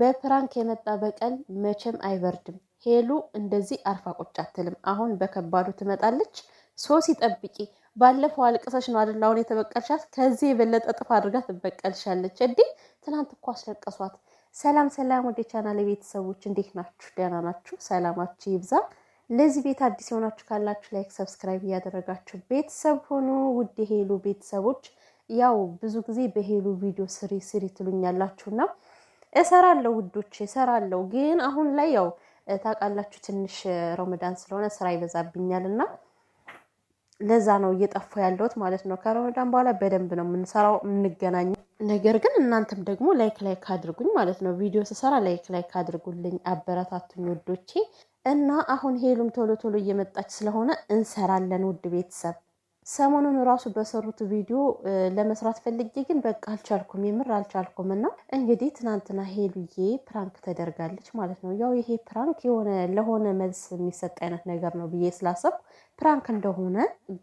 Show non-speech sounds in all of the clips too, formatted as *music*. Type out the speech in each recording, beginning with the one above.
በፕራንክ የመጣ በቀል መቼም አይበርድም። ሄሉ እንደዚህ አርፋ ቁጭ አትልም። አሁን በከባዱ ትመጣለች። ሶሲ ጠብቂ። ባለፈው አልቅሰሽ ነው አይደል? አሁን የተበቀልሻት ከዚህ የበለጠ ጥፍ አድርጋ ትበቀልሻለች። እንዴ ትናንት እኮ አስለቀሷት። ሰላም ሰላም፣ ወደ ቻናል ቤተሰቦች እንዴት ናችሁ? ደህና ናችሁ? ሰላማችሁ ይብዛ። ለዚህ ቤት አዲስ የሆናችሁ ካላችሁ ላይክ፣ ሰብስክራይብ እያደረጋችሁ ቤተሰብ ሆኑ። ውድ ሄሉ ቤተሰቦች ያው ብዙ ጊዜ በሄሉ ቪዲዮ ስሪ ስሪ ትሉኛላችሁና እሰራለሁ ውዶች እሰራለሁ። ግን አሁን ላይ ያው ታውቃላችሁ ትንሽ ረመዳን ስለሆነ ስራ ይበዛብኛል እና ለዛ ነው እየጠፋ ያለሁት ማለት ነው። ከረመዳን በኋላ በደንብ ነው የምንሰራው የምንገናኝ። ነገር ግን እናንተም ደግሞ ላይክ ላይክ አድርጉኝ ማለት ነው። ቪዲዮ ስሰራ ላይክ ላይክ አድርጉልኝ፣ አበረታቱኝ ውዶቼ። እና አሁን ሄሉም ቶሎ ቶሎ እየመጣች ስለሆነ እንሰራለን ውድ ቤተሰብ ሰሞኑን ራሱ በሰሩት ቪዲዮ ለመስራት ፈልጌ ግን በቃ አልቻልኩም፣ የምር አልቻልኩም። እና እንግዲህ ትናንትና ሄሉዬ ፕራንክ ተደርጋለች ማለት ነው። ያው ይሄ ፕራንክ የሆነ ለሆነ መልስ የሚሰጥ አይነት ነገር ነው ብዬ ስላሰብኩ ፕራንክ እንደሆነ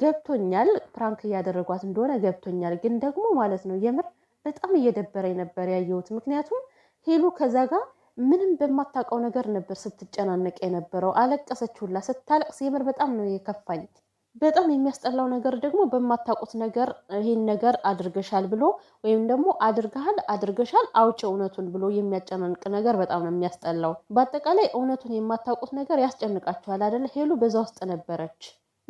ገብቶኛል። ፕራንክ እያደረጓት እንደሆነ ገብቶኛል። ግን ደግሞ ማለት ነው የምር በጣም እየደበረኝ ነበር ያየሁት። ምክንያቱም ሄሉ ከዛ ጋር ምንም በማታውቀው ነገር ነበር ስትጨናነቅ የነበረው። አለቀሰች ሁላ። ስታለቅስ የምር በጣም ነው የከፋኝ። በጣም የሚያስጠላው ነገር ደግሞ በማታውቁት ነገር ይህን ነገር አድርገሻል ብሎ ወይም ደግሞ አድርገሃል አድርገሻል አውጭ እውነቱን ብሎ የሚያጨናንቅ ነገር በጣም ነው የሚያስጠላው። በአጠቃላይ እውነቱን የማታውቁት ነገር ያስጨንቃችኋል አደለ? ሄሉ በዛ ውስጥ ነበረች።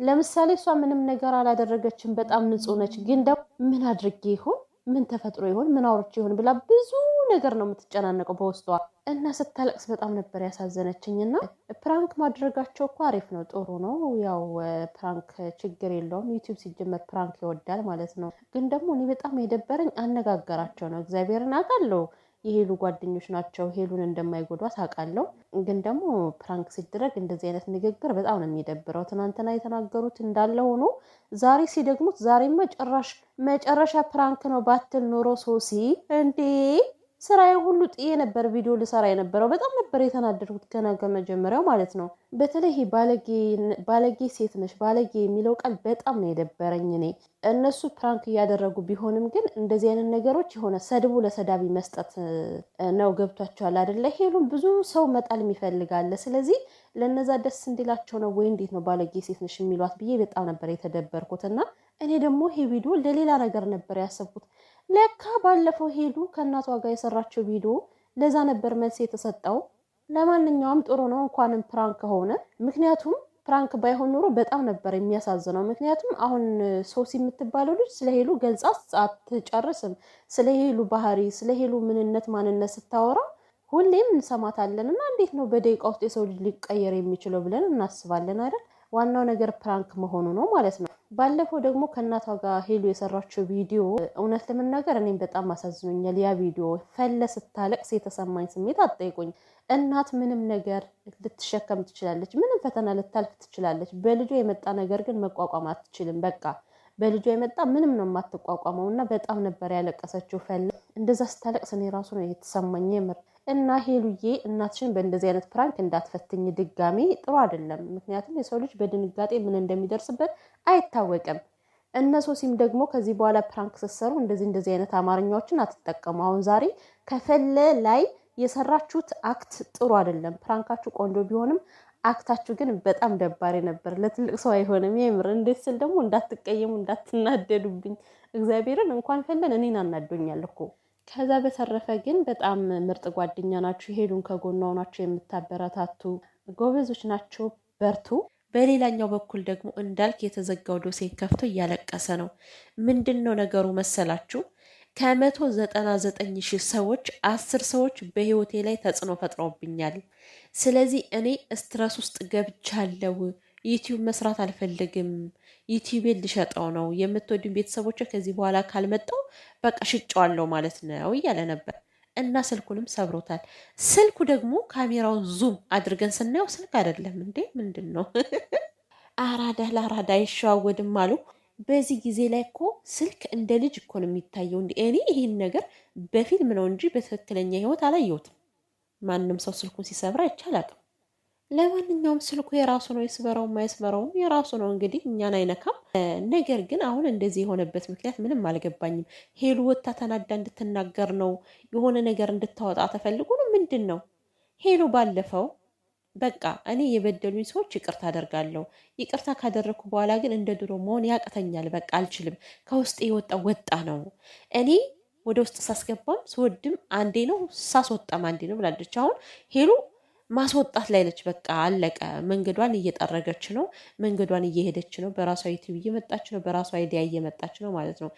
ለምሳሌ እሷ ምንም ነገር አላደረገችም፣ በጣም ንጹሕ ነች። ግን ደግሞ ምን አድርጌ ይሆን ምን ተፈጥሮ ይሆን ምን አውርቼ ይሆን ብላ ብዙ ነገር ነው የምትጨናነቀው በውስጧ እና ስታለቅስ በጣም ነበር ያሳዘነችኝ። እና ፕራንክ ማድረጋቸው እኮ አሪፍ ነው፣ ጥሩ ነው። ያው ፕራንክ ችግር የለውም። ዩቲዩብ ሲጀመር ፕራንክ ይወዳል ማለት ነው። ግን ደግሞ እኔ በጣም የደበረኝ አነጋገራቸው ነው። እግዚአብሔርን አውቃለሁ የሄሉ ጓደኞች ናቸው፣ ሄሉን እንደማይጎዷት አውቃለሁ። ግን ደግሞ ፕራንክ ሲደረግ እንደዚህ አይነት ንግግር በጣም ነው የሚደብረው። ትናንትና የተናገሩት እንዳለ ሆኖ ዛሬ ሲደግሙት፣ ዛሬ መጨረሻ ፕራንክ ነው ባትል ኖሮ ሶሲ እንዴ ስራዬ ሁሉ ጥዬ ነበር ቪዲዮ ልሰራ የነበረው። በጣም ነበር የተናደድኩት ገና ከመጀመሪያው ማለት ነው። በተለይ ባለጌ ሴት ነሽ ባለጌ የሚለው ቃል በጣም ነው የደበረኝ። እኔ እነሱ ፕራንክ እያደረጉ ቢሆንም ግን እንደዚህ አይነት ነገሮች የሆነ ሰድቡ ለሰዳቢ መስጠት ነው። ገብቷቸዋል አደለ? ሄሉም ብዙ ሰው መጣል የሚፈልጋለ። ስለዚህ ለነዛ ደስ እንዲላቸው ነው ወይ እንዴት ነው ባለጌ ሴት ነሽ የሚሏት ብዬ በጣም ነበር የተደበርኩት። እና እኔ ደግሞ ይሄ ቪዲዮ ለሌላ ነገር ነበር ያሰብኩት ለካ ባለፈው ሄሉ ከእናቷ ጋር የሰራችው ቪዲዮ ለዛ ነበር መልስ የተሰጠው። ለማንኛውም ጥሩ ነው እንኳንም ፕራንክ ከሆነ ምክንያቱም ፕራንክ ባይሆን ኖሮ በጣም ነበር የሚያሳዝነው። ምክንያቱም አሁን ሶሲ የምትባለው ልጅ ስለ ሄሉ ገልጻ አትጨርስም። ስለ ሄሉ ባህሪ፣ ስለ ሄሉ ምንነት፣ ማንነት ስታወራ ሁሌም እንሰማታለን እና እንዴት ነው በደቂቃ ውስጥ የሰው ልጅ ሊቀየር የሚችለው ብለን እናስባለን አይደል? ዋናው ነገር ፕራንክ መሆኑ ነው ማለት ነው። ባለፈው ደግሞ ከእናቷ ጋር ሄሉ የሰራችው ቪዲዮ እውነት ለመናገር እኔም በጣም አሳዝኖኛል። ያ ቪዲዮ ፈለ ስታለቅስ የተሰማኝ ስሜት አጠይቁኝ። እናት ምንም ነገር ልትሸከም ትችላለች፣ ምንም ፈተና ልታልፍ ትችላለች። በልጇ የመጣ ነገር ግን መቋቋም አትችልም። በቃ በልጇ የመጣ ምንም ነው የማትቋቋመው እና በጣም ነበር ያለቀሰችው። ፈለ እንደዛ ስታለቅስ እኔ ራሱ ነው የተሰማኝ የምር እና ሄሉዬ እናትሽን በእንደዚህ አይነት ፕራንክ እንዳትፈትኝ ድጋሚ፣ ጥሩ አይደለም። ምክንያቱም የሰው ልጅ በድንጋጤ ምን እንደሚደርስበት አይታወቅም። እነ ሶሲም ደግሞ ከዚህ በኋላ ፕራንክ ስትሰሩ እንደዚህ እንደዚህ አይነት አማርኛዎችን አትጠቀሙ። አሁን ዛሬ ከፈለ ላይ የሰራችሁት አክት ጥሩ አይደለም። ፕራንካችሁ ቆንጆ ቢሆንም አክታችሁ ግን በጣም ደባሪ ነበር። ለትልቅ ሰው አይሆንም። የምር እንዴት ስል ደግሞ እንዳትቀየሙ፣ እንዳትናደዱብኝ። እግዚአብሔርን እንኳን ፈለን እኔን አናዶኛል እኮ ከዛ በተረፈ ግን በጣም ምርጥ ጓደኛ ናችሁ። ሄዱን ከጎኗ ናችሁ የምታበረታቱ ጎበዞች ናቸው። በርቱ። በሌላኛው በኩል ደግሞ እንዳልክ የተዘጋው ዶሴን ከፍቶ እያለቀሰ ነው። ምንድን ነው ነገሩ መሰላችሁ? ከመቶ ዘጠና ዘጠኝ ሺህ ሰዎች አስር ሰዎች በህይወቴ ላይ ተጽዕኖ ፈጥረውብኛል። ስለዚህ እኔ ስትረስ ውስጥ ገብቻለሁ ዩቲዩብ መስራት አልፈልግም፣ ዩቲዩቤን ልሸጠው ነው። የምትወዱኝ ቤተሰቦች ከዚህ በኋላ ካልመጣው በቃ ሽጨዋለሁ ማለት ነው እያለ ነበር እና ስልኩንም ሰብሮታል። ስልኩ ደግሞ ካሜራውን ዙም አድርገን ስናየው ስልክ አይደለም እንዴ! ምንድን ነው? *laughs* አራዳ ለአራዳ አይሸዋወድም አሉ። በዚህ ጊዜ ላይ እኮ ስልክ እንደ ልጅ እኮ ነው የሚታየው። እንዲ እኔ ይህን ነገር በፊልም ነው እንጂ በትክክለኛ ህይወት አላየሁትም። ማንም ሰው ስልኩን ሲሰብር አይቻል አቅም ለማንኛውም ስልኩ የራሱ ነው። ይስበረውም አይስበረውም የራሱ ነው። እንግዲህ እኛን አይነካም። ነገር ግን አሁን እንደዚህ የሆነበት ምክንያት ምንም አልገባኝም። ሄሉ ወታ ተናዳ እንድትናገር ነው የሆነ ነገር እንድታወጣ ተፈልጎ ነው ምንድን ነው? ሄሉ ባለፈው በቃ እኔ የበደሉኝ ሰዎች ይቅርታ አደርጋለሁ፣ ይቅርታ ካደረግኩ በኋላ ግን እንደ ድሮ መሆን ያቅተኛል፣ በቃ አልችልም፣ ከውስጥ የወጣ ወጣ ነው እኔ ወደ ውስጥ ሳስገባም ስወድም አንዴ ነው ሳስወጣም አንዴ ነው ብላለች። አሁን ሄሉ ማስወጣት ላይ ነች። በቃ አለቀ። መንገዷን እየጠረገች ነው። መንገዷን እየሄደች ነው። በራሷ ዩቲዩብ እየመጣች ነው። በራሷ አይዲያ እየመጣች ነው ማለት ነው።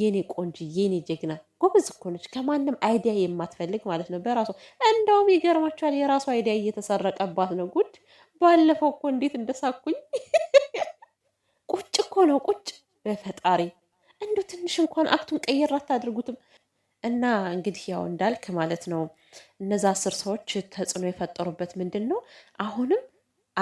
የኔ ቆንጆ የኔ ጀግና ጎበዝ እኮ ነች። ከማንም አይዲያ የማትፈልግ ማለት ነው። በራሷ እንደውም ይገርማችኋል፣ የራሷ አይዲያ እየተሰረቀባት ነው። ጉድ! ባለፈው እኮ እንዴት እንደሳኩኝ *laughs* ቁጭ እኮ ነው ቁጭ። በፈጣሪ እንዱ ትንሽ እንኳን አክቱን ቀየር አታድርጉትም። እና እንግዲህ ያው እንዳልክ ማለት ነው እነዛ አስር ሰዎች ተጽዕኖ የፈጠሩበት ምንድን ነው አሁንም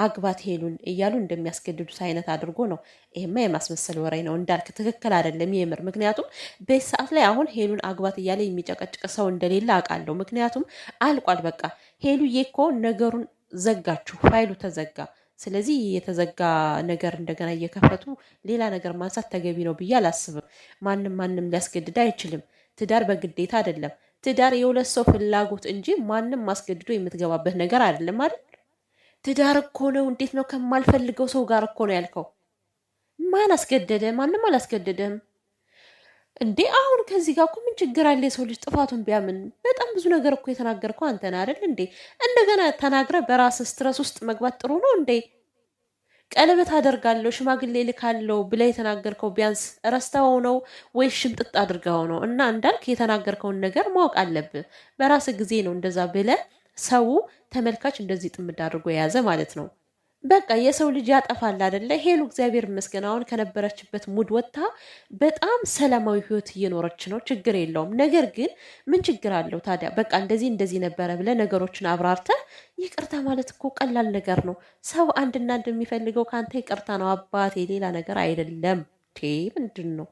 አግባት ሄሉን እያሉ እንደሚያስገድዱት አይነት አድርጎ ነው። ይሄማ የማስመሰል ወሬ ነው እንዳልክ፣ ትክክል አይደለም የምር። ምክንያቱም በዚህ ሰዓት ላይ አሁን ሄሉን አግባት እያለ የሚጨቀጭቅ ሰው እንደሌለ አውቃለሁ። ምክንያቱም አልቋል፣ በቃ ሄሉዬ እኮ ነገሩን ዘጋችሁ፣ ፋይሉ ተዘጋ። ስለዚህ የተዘጋ ነገር እንደገና እየከፈቱ ሌላ ነገር ማንሳት ተገቢ ነው ብዬ አላስብም። ማንም ማንም ሊያስገድድ አይችልም። ትዳር በግዴታ አይደለም። ትዳር የሁለት ሰው ፍላጎት እንጂ ማንም ማስገድዶ የምትገባበት ነገር አይደለም አይደል? ትዳር እኮ ነው። እንዴት ነው ከማልፈልገው ሰው ጋር እኮ ነው ያልከው። ማን አስገደደ? ማንም አላስገደደም እንዴ። አሁን ከዚህ ጋር እኮ ምን ችግር አለ? የሰው ልጅ ጥፋቱን ቢያምን። በጣም ብዙ ነገር እኮ የተናገርከው አንተ አይደል እንዴ? እንደገና ተናግረ በራስ ስትረስ ውስጥ መግባት ጥሩ ነው እንዴ? ቀለበት አደርጋለሁ ሽማግሌ ልካለው ብላ የተናገርከው ቢያንስ ረስተኸው ነው ወይ ሽምጥጥ አድርገኸው ነው? እና እንዳልክ የተናገርከውን ነገር ማወቅ አለብህ። በራስ ጊዜ ነው እንደዛ ብለ ሰው ተመልካች እንደዚህ ጥምድ አድርጎ የያዘ ማለት ነው። በቃ የሰው ልጅ ያጠፋል አደለ? ሄሉ እግዚአብሔር ይመስገን አሁን ከነበረችበት ሙድ ወጥታ በጣም ሰላማዊ ህይወት እየኖረች ነው። ችግር የለውም። ነገር ግን ምን ችግር አለው ታዲያ? በቃ እንደዚህ እንደዚህ ነበረ ብለ ነገሮችን አብራርተ ይቅርታ ማለት እኮ ቀላል ነገር ነው። ሰው አንድና አንድ የሚፈልገው ከአንተ ይቅርታ ነው አባቴ፣ ሌላ ነገር አይደለም። ምንድን ነው